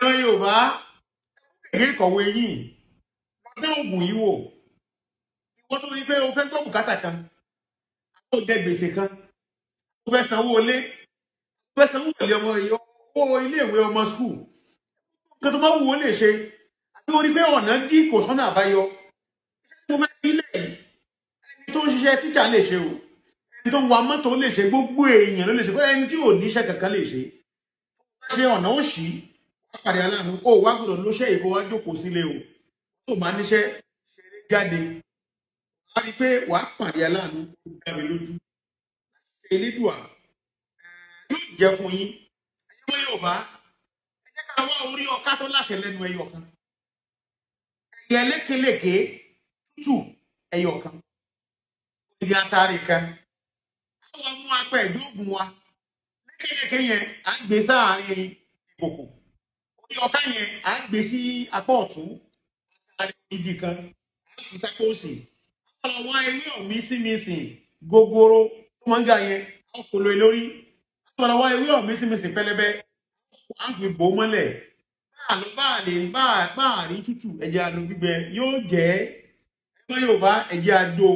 ẹran yorùbá èké ìkọ̀wé yìí lọ́dún ògùn yìí wò ìwọ́n tó ní pé o fẹ́ gbọ́ bùkátà kan àwọn òjẹ gbèsè kan o fẹ́ sanwó ilé o fẹ́ sanwó ìwọlé ọmọ owó iléèwé ọmọ skul kí tó bá wù ó lè ṣe àti orí pé ọ̀nà dí kò sọ́nà àbáyọ iṣẹ́ tó fẹ́ sílẹ̀ ẹni tó ń ṣiṣẹ́ tíṣà lè ṣe o ẹni tó ń wa mọ́tò lè ṣe gbogbo èèyàn ló lè ṣe pé ẹni tí ò níṣẹ́ kankan lè ṣe ṣe ọ̀nà ó ṣì í pàdé aláàánú ó wá gbọ́dọ̀ lóṣẹ́ ìbò wá jókòó sílé o tó máa níṣẹ́ ṣeré jáde wá rí i pé wà pàdé aláàánú ó dá mi lójú ṣe elédùà yóò jẹ fún yín ẹyẹ mọ yóò bá ẹ ká wá orí ọká tó láṣẹ lẹ́nu ẹyọ kan ẹyẹ lékeleke tútù ẹyọ kan ìyá àtàrí kan àwọn ọmọ apẹ ìdóògùn wa lékeleke yẹn à ń gbé ìkòkò orí ọká yẹn à ń gbé sí apá ọ̀tún àtàrí ìdí kan à ń fi sẹ́kọ̀ òsì àwọn ọmọ ewé ọ̀mí sí mi sìn gogoro tó máa ń gà yẹn àwọn kò lo lórí àwọn ọmọ ewé ọ̀mí sí mi sìn pẹlẹbẹ à ń fi bò mọ́lẹ̀ báàlú báàlè báàrí tútù ẹ̀jẹ̀ àlọ́ gbígbẹ yóò jẹ́ ẹgbẹ́ Yorùbá ẹ̀jẹ̀ àjò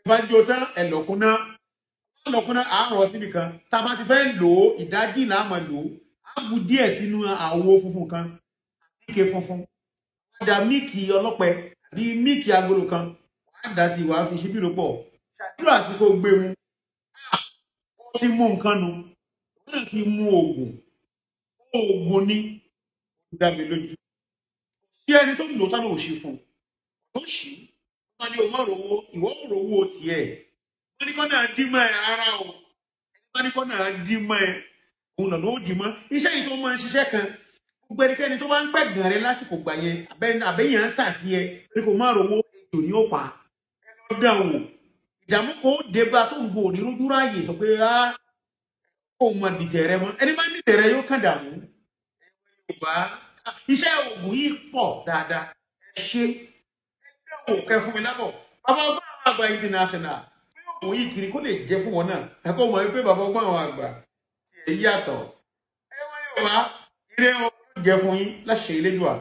ìbájọ́ tán ẹ̀lọ́kúnná ẹ̀lọ́kúnná àárọ̀ síbìkan tá a bá ti fẹ́ lò ó ìdájí làá máa lò ó bu díẹ̀ sínú àwo funfun kan àtike funfun wàá da míìkì ọlọ́pẹ àbí míìkì agolo kan wàá dà sí wàá fi ṣíbí rò pọ̀ ṣàdúrà sí kó gbé mu ah! ó ti mú nǹkan nu ó náà ti mú oògùn oògùn ni ó dá mi lójú sí ẹni tó ń lò tánà òṣì fún un ó ṣì í wọn ni òun ọ̀rọ̀ ìwọ ọ̀rọ̀ tiẹ̀ wọn ni kọ́ náà dí ara o wọn ni kọ́ náà dí òun lọ́nà ó dì mọ́ iṣẹ́ yìí tó máa ń ṣiṣẹ́ kan gbogbo ẹnikẹ́ni tó bá ń pẹ́ gàn rẹ lásìkò gbà yẹn àbẹ́yàn ń sàtì yẹ pé kò má rówó ètò ní òpá ọ̀dà wò ìdààmú kò dé bá tó ń bo onírúurú ààyè sọ pé á kò mọ dìtẹ̀ rẹ mọ́ ẹni máa ń dìtẹ̀ rẹ yóò kàn dààmú yorùbá iṣẹ́ oògùn yìí pọ̀ dáadáa ẹ ṣe ẹgbẹ́ òwò kẹ fún mi lábọ̀ bàbá ọgbọ́n àwọn àgbà international oògùn yìí kiri kó lè jẹ́ fún wọn náà ẹ̀kọ́ mọ̀ wípé bàbá ọgbọ́n àwọn àgbà èyí yàtọ̀ ẹ wọ́n yóò wá ire ọ̀rọ̀ jẹ fún yín láṣẹ Elédùà.